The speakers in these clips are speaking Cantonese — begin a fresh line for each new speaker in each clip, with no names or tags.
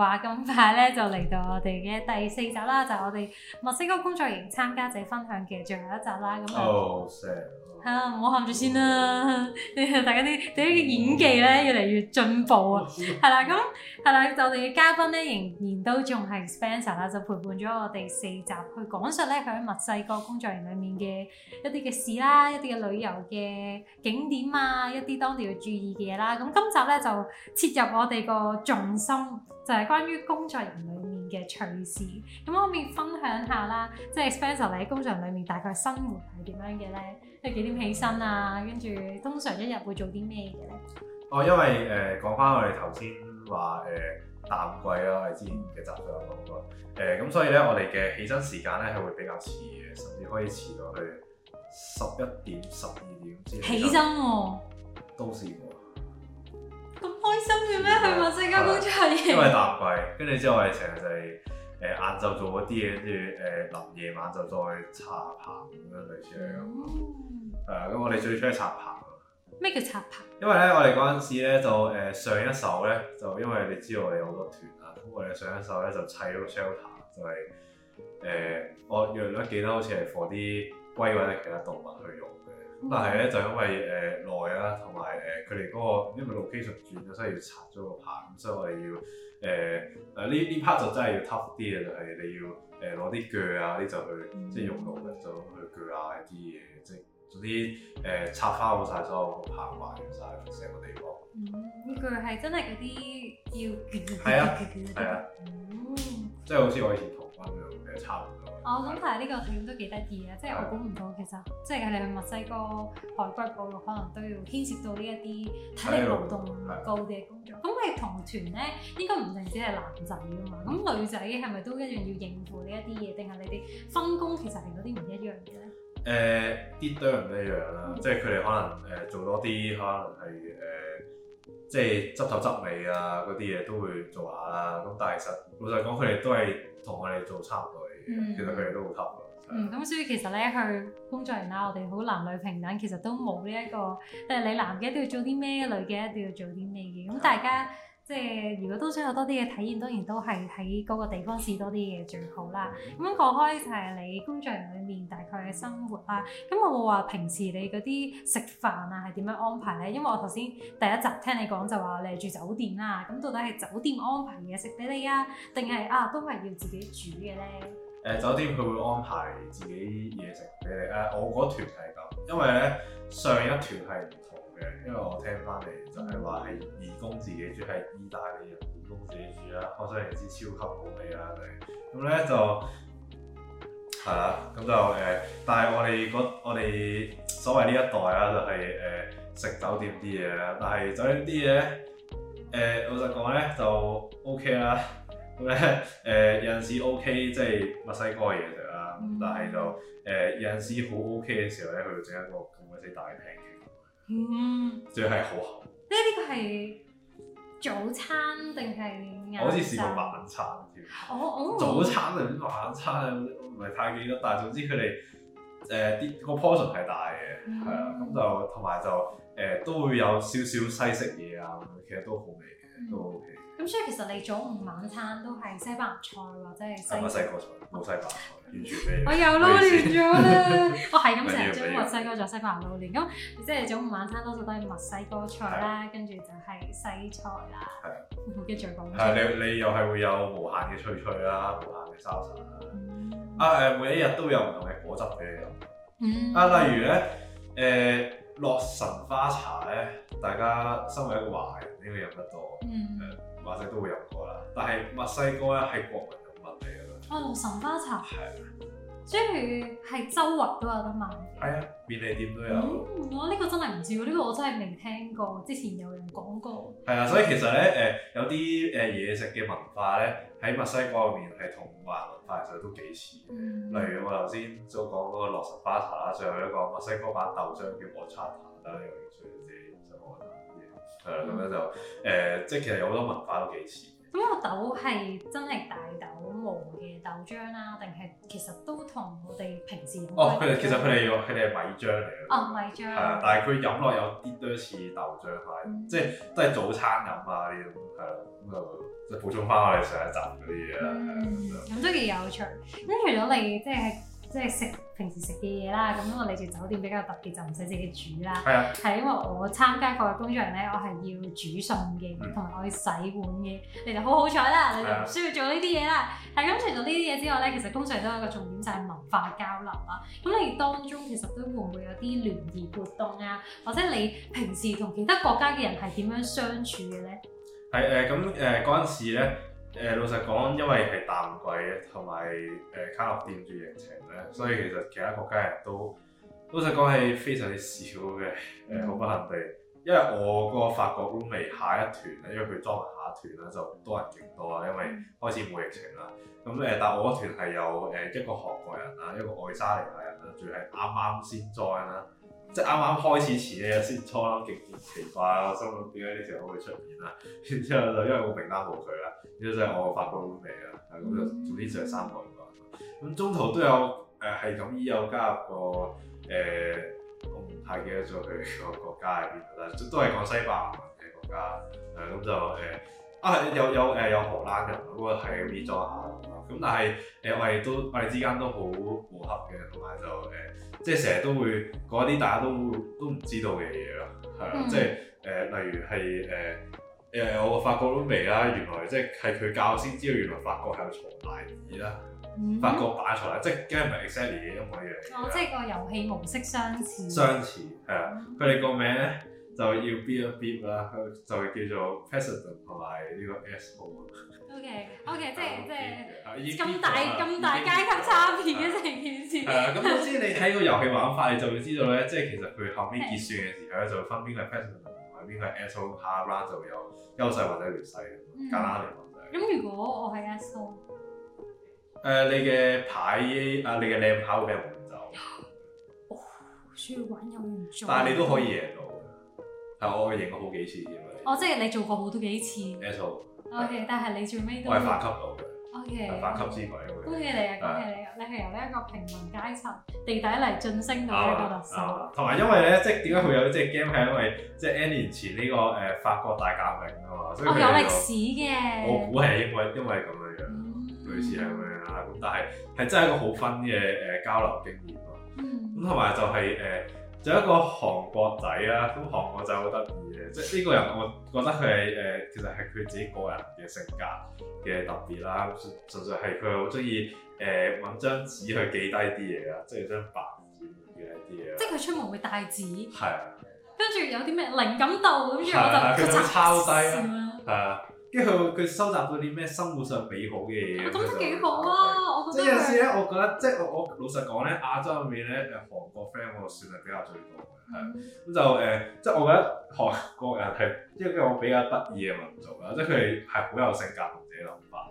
話咁快咧就嚟到我哋嘅第四集啦，就係、我哋墨西哥工作營參加者分享嘅最後一集啦。咁、嗯，唔好喊住先啦， 大家啲啲演技咧越嚟越進步啊，係 啦，咁係啦，就我哋嘅嘉賓咧仍然都仲係 Spencer 啦，就陪伴咗我哋四集去講述咧佢喺墨西哥工作營裡面嘅一啲嘅事啦，一啲嘅旅遊嘅景點啊，一啲當地要注意嘅嘢啦。咁今集咧就切入我哋個重心。就係關於工作人員裡面嘅趣事，咁我可唔可以分享下啦？即係 Spencer，你喺工作人員裡面大概生活係點樣嘅咧？即係幾點起身啊？跟住通常一日會做啲咩嘅咧？哦，因為
誒講返我哋頭先話誒淡季啦，係、呃、之前嘅集數有講過咁所以咧我哋嘅起身時間咧係會比較遲嘅，甚至可以遲到去十一點、十二點先起身哦。都是。
心住咩？去墨西哥工
作係因為淡季，跟住之後我哋成日就係誒晏晝做嗰啲嘢，跟住誒臨夜晚就再
插棚咁樣類似咁。
係、嗯、啊，咁我哋最鍾意插棚，
咩叫插棚？
棚因為咧，我哋嗰陣時咧就誒、呃、上一首咧，就因為你知道我哋有好多團啊，咁我哋上一首咧就砌咗個 shelter，就係、是、誒、呃、我約略記得好似係 for 啲。或者其他動物去用嘅，咁但係咧就因為誒、呃、耐啦，同埋誒佢哋嗰個因為 location 轉咗，所以要拆咗個棚，咁所以我哋要誒誒呢呢 part 就真係要 tough 啲嘅，就係、是、你要誒攞啲鋸啊呢就去、嗯、即係用腦嘅，就去鋸下啲嘢，即係。做啲誒插花好晒，所有行埋曬成
個地方。呢個係真係嗰啲要捲捲捲捲嘅地方。
即係好似我以前同灣咁樣，係插
唔到。我諗睇下呢個點都幾得意啊！啊嗯、即係我估唔到，其實即係你去墨西哥海龜部落，可能都要牽涉到呢一啲體力勞動高啲嘅工作。咁你同團咧，應該唔淨止係男仔噶嘛？咁、嗯、女仔嘅係咪都一樣要應付呢一啲嘢？定係你哋分工其實係嗰啲唔一樣嘅咧？
誒啲都唔一樣啦，即係佢哋可能誒、呃、做多啲，可能係誒、呃、即係執頭執尾啊嗰啲嘢都會做下啦。咁但係實老實講，佢哋都係同我哋做差唔多嘅，嗯、其實佢哋都好級㗎。嗯，咁所以、嗯、
所以其實咧，去工作人啦，嗯、我哋好男女平等，嗯、其實都冇呢一個誒，你男嘅一定要做啲咩，女嘅一定要做啲咩嘅。咁大家。嗯嗯嗯即係如果都想有多啲嘅體驗，當然都係喺嗰個地方試多啲嘢最好啦。咁、嗯、講、嗯、開就係你工作裏面大概嘅生活啦。咁、嗯、我冇話平時你嗰啲食飯啊係點樣安排咧？因為我頭先第一集聽你講就話你係住酒店啦。咁到底係酒店安排嘢食俾你啊，定係啊都係要自己煮嘅咧？
誒、呃，酒店佢會安排自己嘢食俾你。誒、呃，我嗰團係咁，因為咧上一團係唔同。因為我聽翻嚟就係話係義工自己煮，係意大利人義工自己煮啦。我想嚟之超級好味啦，咁咧就係啦，咁就誒、呃，但係我哋嗰我哋所謂呢一代啦，就係誒食酒店啲嘢啦。但係酒店啲嘢誒，老實講咧就 OK 啦。咁咧誒有陣時 OK，即係墨西哥嘢食啊。咁但係就誒有陣時好 OK 嘅時候咧，佢會整一個咁鬼死大廳嘅。嗯，仲要係好
呢，呢個係早餐定係？我好似試過
晚餐添。哦、我
我早餐
定晚餐啊？唔係太記得，但係總之佢哋誒啲個 portion 係大嘅，係啊、嗯，咁就同埋就誒、呃、都會有少少西式嘢啊，其實都好味
嘅，都 OK。嗯。咁所以其實你早午晚餐都係西，西、嗯、西，西班牙菜或者係西墨西哥菜冇西班牙菜完全咩？我又撈亂咗啦，我係咁成日將墨西哥菜、西班牙撈亂咁，即係早午晚餐多數都係墨西哥菜啦，跟住、嗯、就係西菜啦。係好激進講。你
你又係會有無限嘅脆脆啦，無限嘅沙茶啊誒，每一日都有唔同嘅果汁嘅飲。嗯啊，例如咧誒，洛、呃、神花茶咧，大家身為一個華人，你會飲得多。嗯，嗯或者都會飲過啦，但係墨西哥咧係國民飲物
嚟噶啦。哦、啊，洛神花茶係啊，即係係周圍都有得買。
係啊，便利店都有。嗯、
我呢個真係唔知喎，呢、呢個我真係未聽過，之前有人講過。係啊，所以其實咧誒、嗯
呃，有啲誒嘢食嘅文化咧，喺墨西哥入面係同華文化其實都幾似、嗯、例如我頭先所講嗰個洛神花茶啦，最後一個墨西哥版豆漿叫阿查塔啦，呢個興趣嘅嘢就我。係啦，咁、嗯、樣就誒、呃，即係其實有好多文化都幾似。
咁個豆係真係大豆磨嘅豆漿啦、啊，定係其實都同我哋平時、啊、哦，佢哋其實佢哋佢哋係米
漿嚟嘅。哦，米漿。係啊、嗯，但係佢飲落有啲多似
豆漿啦，嗯、
即係都係早餐飲啊呢咁，係啦，咁就即係補充翻我哋上一集嗰啲嘢啦。
嗯，咁都幾有趣。咁除咗你即係。即係食平時食嘅嘢啦，咁因為你住酒店比較特別，就唔使自己煮啦。係啊，係因為我參加過嘅工作營咧，我係要煮餸嘅，同埋、嗯、我要洗碗嘅。你哋好好彩啦，啊、你哋唔需要做呢啲嘢啦。係咁，除咗呢啲嘢之外咧，其實通常都有一個重點就係文化交流啦。咁你當中其實都會唔會有啲聯誼活動啊？或者你平時同其他國家嘅人係點樣相處嘅咧？
係誒咁誒嗰陣時咧。誒老實講，因為係淡季同埋誒卡樂店住疫情咧，所以其實其他國家人都老實講係非常之少嘅，誒、呃、好不幸地。因為我個法國 roommate 下一團咧，因為佢裝埋下一團啦，就多人勁多啦，因為開始冇疫情啦。咁誒，但係我個團係有誒一個韓國人啦，一個愛沙尼亞人啦，仲係啱啱先 join 啦。即係啱啱開始前一日先初啦，極奇怪啊！我心諗點解呢時候會出現啊？然之後就因為我名單冇佢啦，然之後就我發覺冇佢啦，咁就總之就係三個月啩。咁中途都有誒係咁，依、呃、有加入個誒、呃，我唔太記得咗佢個國家喺邊啦，都都係講西班牙文嘅國家，誒、嗯、咁就誒。呃啊有有誒有荷蘭人咯，不過係 meet 咗下咁，但係誒、呃、我哋都我哋之間都好磨合嘅，同埋就誒即係成日都會講一啲大家都都唔知道嘅嘢咯，係、呃、咯，即係誒、呃、例如係誒誒我法國都未啦，原來即係係佢教先知道原來法國係有藏大耳啦，嗯、哼法國版藏大，即係梗唔係 exactly 嘅一樣
嘅？哦，即係個遊戲模式相似。相似
係啊，佢哋個名咧。就要邊一邊啦，就係叫做 president 同埋呢個 asshole O K O K，即係即
係咁大咁大階級差別嘅成件事，嗯。係啊，咁總之你睇個遊戲玩法，你就
會知道咧，即係其實佢後面結算嘅時候咧，的就會分邊個 president 同埋邊個 asshole，啊、下一 round 就有優勢或者劣勢，嗯、加嚟
咁如果我係 asshole
誒你嘅牌啊，你嘅靚牌會俾人換走。
需要揾有緣。 但係你都可以贏
到。係，我係贏過好幾次
嘅。哦，即係你做過好多幾次。Yes O.K.，但係你最尾都我係晉級到嘅。O.K. 晉級之輩。恭喜你啊！恭喜你！你係由呢一個平民階層地底嚟晉升到呢個特首。同埋因為咧，即係點解佢有
呢隻 game 係因為即係 N 年前呢個誒法國大革命啊嘛，所以佢有。我歷史嘅。我估係因為因為咁嘅樣，類似係咁樣啦。咁但係係真係一個好 fun 嘅誒交流經驗咯。
咁同埋就
係誒。就一個韓國仔啦，咁韓國仔好得
意嘅，即係呢個人我覺得佢係
誒，其實係佢自己個人嘅性格嘅特別啦，純粹係佢好中意誒揾張紙去記低啲嘢啊，即係張白紙記下啲嘢。即係佢
出門會帶紙。係啊。跟住有啲咩靈感度，跟住我就抄低。係啊。
跟住佢，佢收集到啲咩生活上美好嘅嘢。我覺得幾好啊！
我覺得即係有時咧，我
覺得即係我我老實講咧，亞洲入面咧，誒韓國 friend 我算係比較最多
嘅，係咁、
嗯、就誒、呃，即係我覺得韓國人係一個比較得意嘅民族啦，即係佢哋係好有性格同自己諗法。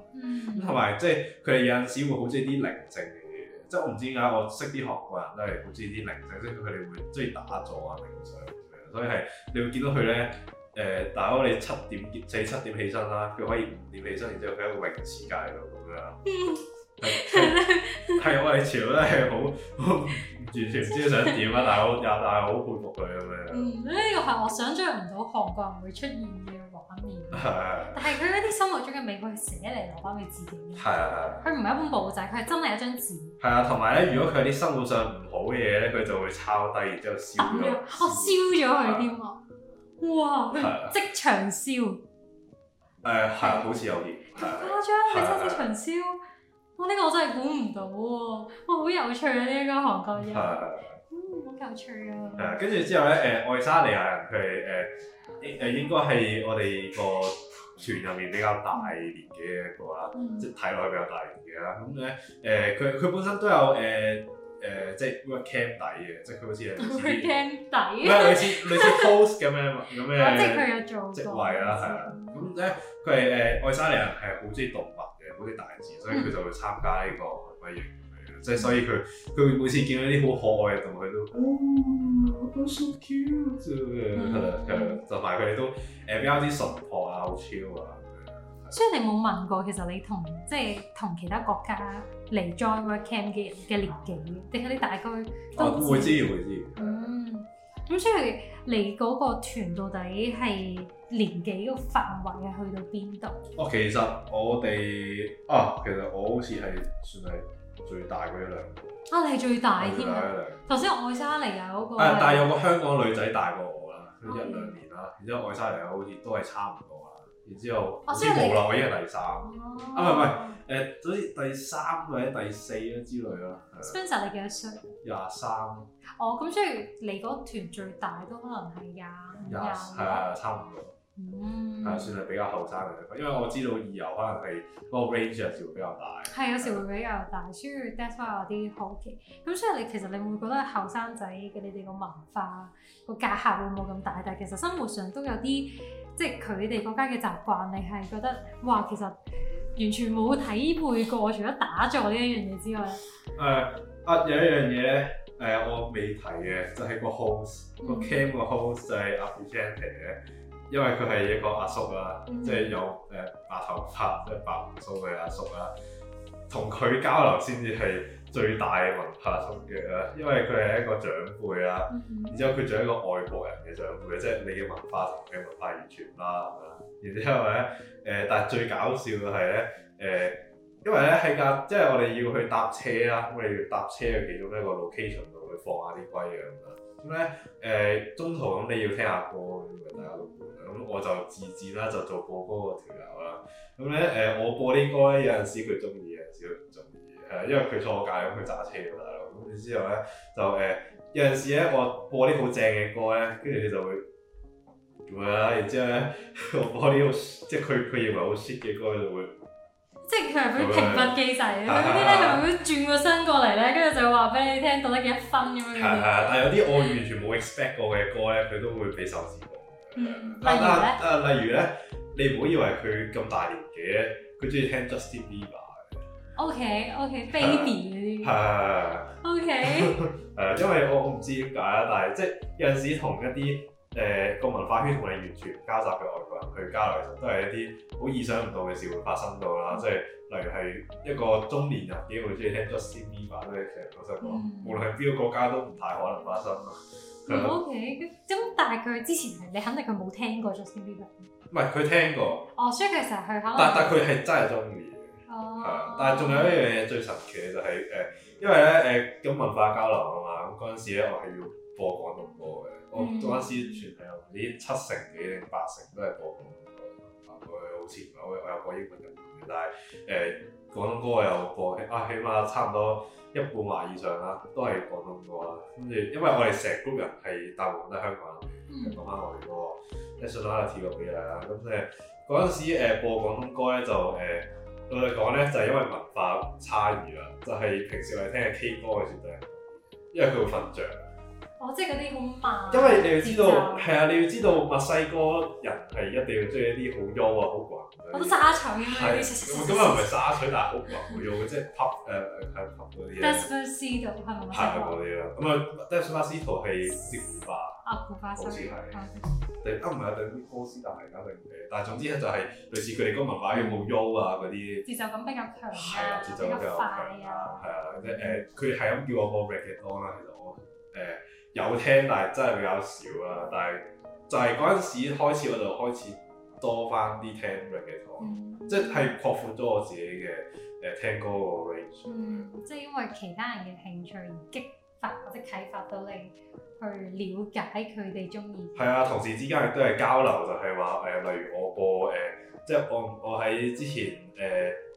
同埋、嗯、即係佢哋有陣時會好中意啲靈性嘅嘢，即係我唔知點解我識啲韓國人都係好中意啲靈性，即係佢哋會中意打坐啊冥想咁樣，所以係你會見到佢咧。誒，但我哋七點起七點起身啦，佢可以五點起身，然之後佢喺個泳池界度
咁樣，係我哋全部都好好
完全唔知想點啊！大佬，但係好佩服佢咁樣。
呢個係我想象唔到韓國人會出現嘅畫面，但係佢一啲生活中嘅美國，佢寫嚟留翻嚟字典。係係
係，
佢唔係一本簿仔，佢係真係一張紙。
係啊，同埋咧，如果佢啲生活上唔好嘅嘢咧，佢就會抄低，然之後燒
咗、 嗯。我燒咗佢添哇！即場燒，
誒係、啊呃啊，好似有啲
誇張，你真係即場燒，哇！呢、這個我真係估唔到喎、啊，啊、哇！好有趣啊，呢個韓國人，啊、嗯，好有趣啊。係啊，跟住之後咧，誒、呃、
愛沙尼亞人佢誒應誒應該係我哋個團入面比較大年紀嘅一個啦，嗯、即睇落去比較大年紀啦。咁咧誒佢佢本身都有誒。呃誒、呃，即係 work camp 底嘅，即係佢好似係 work camp 底，唔係類似類似類 post 咁樣嘛，咁樣。即係佢有做過職位啦，係啊的。咁咧、嗯，佢係誒愛沙尼人，係好中意動物嘅，好似大自然，所以佢就會參加呢個海龜營。即係所以佢佢每次見到啲好可愛嘅動物，佢都 oh
so cute
就埋佢哋都誒比較啲淳樸啊，好 chill 啊。
雖然、嗯、你冇問過，其實你同即係同其，其他國家。 嚟 join 嗰個 camp 嘅人嘅年紀，定係你大概都知？會知，會知。嗯，咁所以嚟嗰個團到底係年紀個範圍係去到邊度？哦，其實
我哋啊，其實我好似係算係最大嗰一兩個。
啊，你係最大添啊！頭先愛沙尼亞嗰個。但係有個
香港女仔大過我啦，一兩年啦。然之後愛沙尼亞好似都係差唔多啦。然之後，所以冇啦，我依家第三。
啊，唔唔係。
誒，所以第三或者第四咯之類咯。Spencer，、uh, 你幾多歲？廿三。
哦，咁所以你嗰團最大都可能係廿廿，係
啊，差唔多。嗯、
mm，係、hmm.
算係比較後生嘅地方，因為我知道義遊可能係個 range 啊，有時會比較大。
係的，的有時會比較大，所以 that's why 有啲好奇。咁所以你其實你會覺得後生仔嘅你哋個文化個隔閡會冇咁大，但係其實生活上都有啲即係佢哋國家嘅習慣，你係覺得哇，其實～完全冇體會過，除咗打坐呢一樣嘢之外，
誒阿、uh, 有一樣嘢咧，誒、uh, 我未提嘅，就係、是、個 host、嗯、個 cam 個 host 就係阿 Bianchi 嘅，因為佢係一個阿叔啊，即係有誒白頭髮即係、就是、白鬚嘅阿叔啊，同佢交流先至係。最大嘅文化衝擊啦，因為佢係一個長輩啦，然之後佢仲係一個外國人嘅長輩，即係你要文化同佢文化完全啦，咁樣，然之後咧，誒、呃，但係最搞笑嘅係咧，誒、呃，因為咧喺架，即係我哋要去搭車啦，咁我哋要搭車嘅其中一個 location 度去放下啲龜啊，咁咧，誒、呃，中途咁、嗯、你要聽下歌咁，咪大家都換，咁我就自薦啦，就做播歌嘅條友啦，咁咧，誒、呃，我播啲歌咧，有陣時佢中意啊，有時佢唔中意。係，因為佢坐我隔籬咁佢揸車㗎，大佬。咁之後咧就誒，有陣時咧我播啲好正嘅歌咧，跟住佢就會點啊？然之後咧我播啲好，即係佢佢認為好 shit 嘅歌，就會即係佢係嗰
啲評分機制，佢嗰啲咧就會轉、啊、個身過嚟咧，跟住就會話俾你聽到底幾多分
咁樣。係係，但係有啲我完全冇 expect 過嘅歌咧，佢都會俾手指我、
啊嗯。例如
咧、啊啊？你唔好以為佢咁大年紀，佢中意聽 Justin Bieber。
O K O K，baby 嗰啲。係
係係。O K。誒，因為我唔知點解，但係即係有陣時同一啲誒個文化圈同你完全交集嘅外國人去交流，其實都係一啲好意想唔到嘅事會發生到啦。即、啊、係、嗯、例如係一個中年人點會中意聽 Justin Bieber？即係其實老實講，嗯、無論係邊個國家都唔太可能發生啊。O K、嗯。
咁但係佢之前你肯定佢冇聽過 Justin Bieber。唔係，佢聽過。聽過哦，所以其實佢可能。但但佢
係真係中意。
係啊，但係仲有一樣嘢
最神奇嘅就係、是、誒，因為咧誒咁文化交流啊嘛，咁嗰陣時咧我係要播廣東歌嘅，嗯、哼我嗰陣時全係有啲七成幾定八成都係播廣東歌，佢好似唔係我有播英文嘅，但係誒、呃、廣東歌我有播啊，起碼差唔多一半話以上啦，都係廣東歌，跟住因為我哋成 group 人係大部分都係香港人，講翻外語，即係數下個比例啦，咁即係嗰陣時播廣東歌咧就誒。呃我哋講咧，就係因為文化差異啦。就係平時我哋聽 K 歌嘅時候咧，因為佢會瞓著。哦，
即係嗰啲好慢。因為你要知道，
係啊，你要知道墨西哥人係一定要鍾意一啲好優啊、好怪。我都沙水嘅，啲。咁啊，唔係沙水，但係好怪、好用嘅，即係 pop 啲。Desperado 係咪？係啲啦。咁啊，Desperado 係西班牙。文化生，對，啊唔係對啲歌詞，但係肯定嘅。但係總之咧，就係類似佢哋嗰個文化有冇悠啊，嗰啲節
奏感比較強啊，節奏比較快啊，係啊，即係誒，
佢係咁叫我播 reggae 歌啦。其實我誒有聽，但係真係比較少啦。但係就係嗰陣時開始我就開始多翻啲聽 reggae 歌，即係擴闊咗我自己嘅誒聽歌個 range。嗯，即
係因為其他人嘅興趣而激發或者啟發到你去了解佢哋中意。係啊，同事之間亦都係
交流，就係話誒，例如我播誒、呃，即係我我喺之前誒、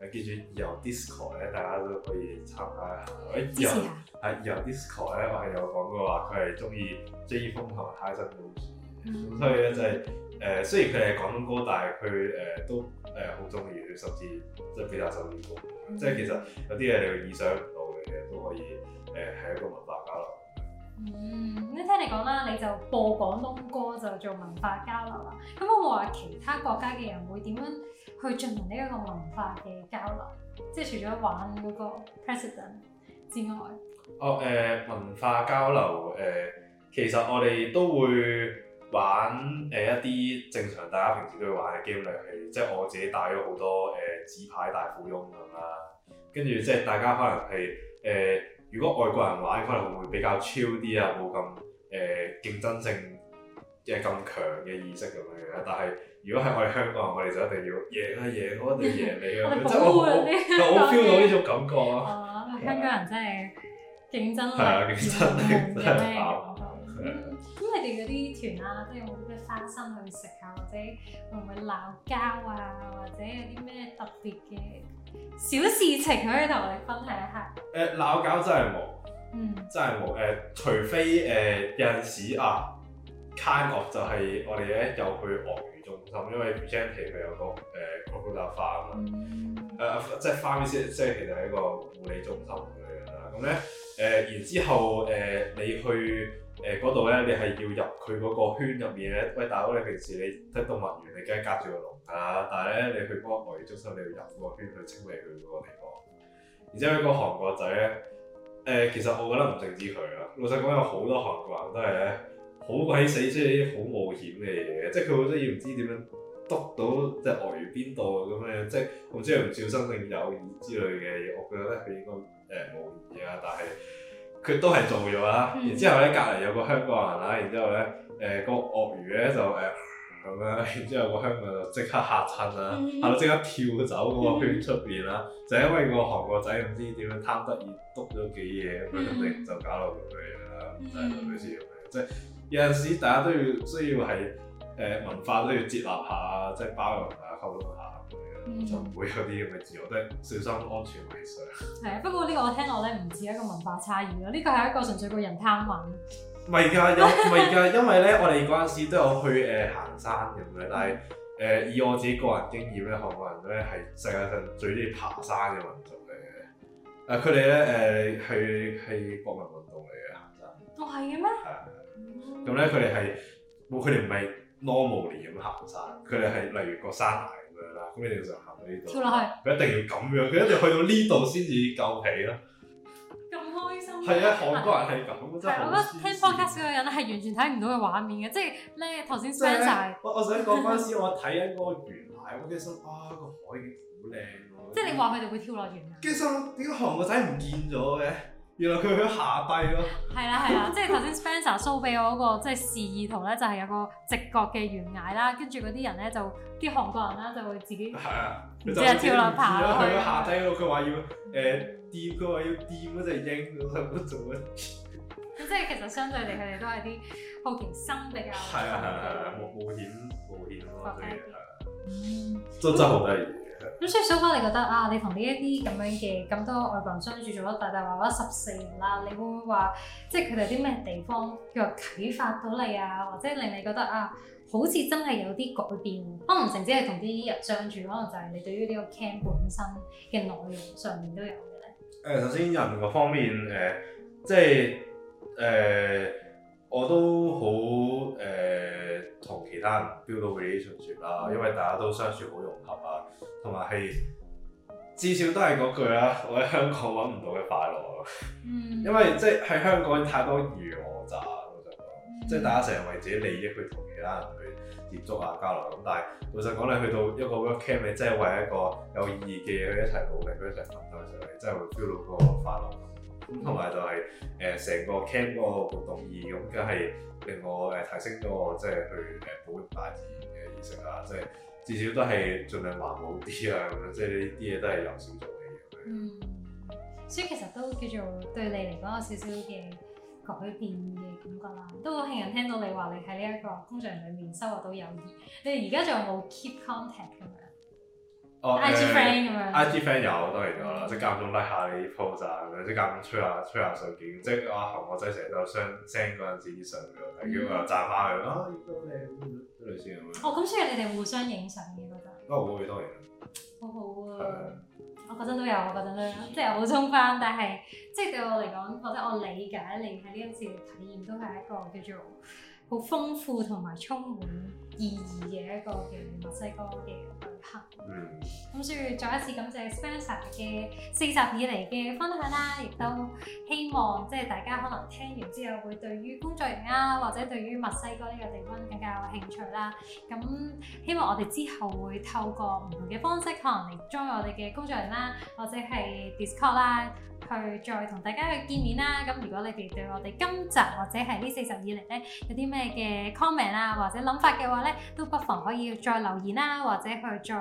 呃，記住，以後 disco 咧，大家都可以參加一下。誒，係以後 disco 咧，啊、ord, 我係有講過話，佢係中意 jazz 風同埋 high 音嗰種嘅，ose, 嗯、所以咧就係、是、誒、呃，雖然佢係廣東歌，但係佢誒都誒好中意，甚、呃、至即係比較大手碟歌。嗯、即係其實有啲嘢你會意想唔到嘅嘢都可以，誒係一個文化
交流。嗯，你聽你講啦，你就播廣東歌就做文化交流啦。咁有冇話其他國家嘅人會點樣去進行呢一個文化嘅交流？即係除咗玩嗰個 President 之外，哦
誒、呃、文化交流誒、呃，其實我哋都會玩誒、呃、一啲正常大家平時都會玩嘅基本遊戲，即、就、係、是、我自己帶咗好多誒、呃、紙牌大富翁咁啦，跟住即係大家可能係誒。呃如果外國人玩對可能會比較 chill 啲啊，冇咁誒競爭性即係咁強嘅意識咁樣樣。但係如果係我哋香港人，我哋就一定要贏啊贏啊，我一定贏你咁樣。 我，就我好就好覺得酷嗰啲。香港 feel 到呢種感覺
啊！香港人真係競爭力。係啊，競爭力。咁你哋嗰啲團啊，都有冇啲咩花生去食啊？或者會唔會鬧交啊？或者有啲咩特別嘅？ 啊小事情可以同我哋分享一
下。誒，鬧交真係冇，嗯，真係冇。誒，除非誒有陣時啊，卡惡就係我哋咧有去鱷魚中心，因為 Jenny 佢有個誒高達化嘛。誒，即係翻咩先？即係其實係一個護理中心咁樣啦。咁咧誒，然之後誒你去。誒嗰度咧，呃、你係要入佢嗰個圈入面咧。喂，大佬，你平時你睇動物園，你梗係隔住個籠啊。但係咧，你去嗰個鱷魚中心，你要入個圈去清理佢嗰個地方。然之後一個韓國仔咧，誒、呃、其實我覺得唔淨止佢啊。老實講，有好多韓國人都係咧，好鬼死中意啲好冒險嘅嘢嘅，即係佢好中意唔知點樣篤到即係鱷魚邊度咁樣，即係好中意唔小心令有意之類嘅嘢。我覺得佢應該誒冇意啊，但係。佢都係做咗啦，然之後咧隔離有個香港人啦，然之後咧誒個鱷魚咧就誒、呃、咁樣，然之後個香港人就即刻嚇親啦，係咯即刻跳走嗰、嗯、個圈出邊啦，就係因為個韓國仔唔知點樣貪得意篤咗幾嘢，咁、嗯、肯定就搞到咁樣啦，就係嗰啲咁樣，即係、嗯、有陣時大家都要需要係。誒文化都要接納下，即係包容下溝通下咁樣，嗯、就唔會有啲咁嘅事。我都係小心安全為上。係
啊，不過呢個我聽落咧唔似一個文化差異咯，呢、這個係一個純粹個人貪玩。
唔係㗎，有唔係㗎，因為咧我哋嗰陣時都有去誒、呃、行山咁樣，但係誒、呃、以我自己個人經驗咧，韓國、嗯、人咧係世界上最中意爬山嘅民族嚟嘅。啊、呃，佢哋咧誒係係國民運動嚟嘅
行山。哦，係嘅咩？係、嗯。咁咧、嗯，佢哋
係，佢哋唔係。Normal 咁行晒，佢哋係例如個山崖咁樣啦，咁你就要行到呢度，跳落去，佢一定要咁樣，佢一定去到呢度先至夠起咯。咁
開心、啊！係啊，韓國人係
咁，是真係我
覺得聽 Podcast 嗰個人係完全睇唔到嘅畫面嘅，即係咧頭先 send 曬。
我我想講嗰陣時我睇緊嗰個漁蟹，我其實啊個海景好靚喎。即係你話佢哋會跳落懸崖。其實我點解韓國仔唔見咗嘅？原來佢去下低咯，
係啦係啦，即係頭先 Spencer show 俾我嗰個即係示意圖咧，就係有個直角嘅懸崖啦，跟住嗰啲人咧就啲韓國人啦就會自己係啊，然之後跳落爬落去。佢下低
喎，佢話要誒墊，佢話要掂，嗰隻櫈，咁做咩？咁即
係其實相對嚟，佢哋都係啲好奇心比較係啊係啊，
啊，冒險冒險咯，所以係啊，
真真好得意。咁所以小花，你覺得啊，你同呢一啲咁樣嘅咁多外國人相處咗大大話話十四年啦，你會唔會話即係佢哋啲咩地方叫啟發到你啊，或者令你覺得啊，好似真係有啲改變？可能唔淨只係同啲人相處，可能就係你對於呢個 camp 本身嘅內容上面都有嘅
咧。誒、呃，首先人嗰方面，誒、呃，即係誒。呃我都好誒同其他人 build 到 very 純熟啦，因為大家都相處好融合啊，同埋係至少都係嗰句啦，我喺香港揾唔到嘅快樂咯。嗯。因為即係喺香港太多娛樂咋，咁就
係嗯、即係大家
成日為自己利益去同其他人去接觸啊、交流咁。但係老實講，你去到一個 work camp 你真係為一個有意義嘅嘢去一齊努力、一齊奮鬥嘅時候，你真係會 build 到個快樂。咁同埋就係誒成個 camp 個活動意義，咁梗係令我誒提升咗我即係去誒保育大自然嘅意識啊！即係至少都係盡量環保啲啊！咁樣即係呢啲嘢都係由
少做起嘅，嗯，所以其實都叫做對你嚟講有少少嘅改變嘅感覺啦。都好慶幸聽到你話你喺呢一個工場裡面收穫到友誼。你哋而家仲有冇 keep contact？
IG friend 咁樣，IG friend 有當然有啦，即係間中 like 下你 pose 啊，即係間中吹下吹下相片，即係我阿雄我仔成日都有 e send 陣陣紙相俾我睇，叫我又贊翻佢啊，影到靚出
嚟先咁。哦，咁所以你哋互相影相嘅覺
得？都好嘅，當然。
好好啊！我覺得都有，我覺得咧即係補充翻，但係即係對我嚟講，覺得我理解你喺呢一次體驗都係一個叫做。好豐富同埋充滿意義嘅一個嘅墨西哥嘅旅行，咁所以再一次感謝 Spencer 嘅四集以嚟嘅分享啦，亦都希望即係大家可能聽完之後會對於工作營啊，或者對於墨西哥呢個地方比較有興趣啦。咁希望我哋之後會透過唔同嘅方式，可能嚟 join 我哋嘅工作營啦，或者係 Discord 啦。去再同大家去見面啦！咁如果你哋對我哋今集或者係呢四集以嚟咧，有啲咩嘅 comment 啊或者諗法嘅話咧，都不妨可以再留言啦，或者去再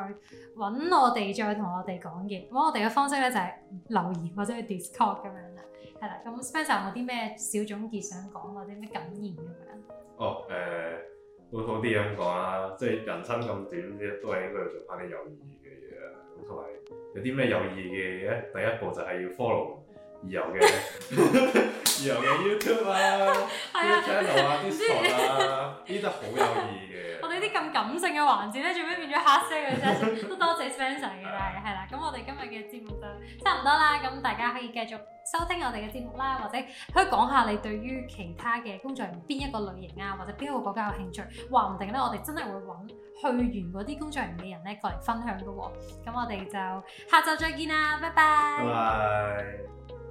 揾我哋再同我哋講嘅。咁我哋嘅方式咧，就係留言或者去 Discord 咁樣啦。係啦，咁 Spencer 有冇啲咩小總結想講或者咩感言咁樣？哦，
誒，會好啲咁講啊！即係人生咁短，都係應該要做翻啲有意義嘅。同埋有啲咩有，有意義嘅嘢咧，第一步就係要 follow 義遊嘅義遊嘅 YouTube 啊，YouTube 啦，啲傻啦，呢啲好有意義嘅。我哋啲
咁感性嘅環節咧，做咩變咗黑色嘅啫？ 都多謝 Spencer s p e n c e r 嘅，係啦。咁我哋今日嘅節目就差唔多啦，咁大家可以繼續收聽我哋嘅節目啦，或者可以講下你對於其他嘅工作營邊一個類型啊，或者邊一個國家有興趣，話唔定咧，我哋真係會揾去完嗰啲工作營嘅人咧，過嚟分享㗎喎。咁我哋就下晝再見啊，拜拜。拜
拜。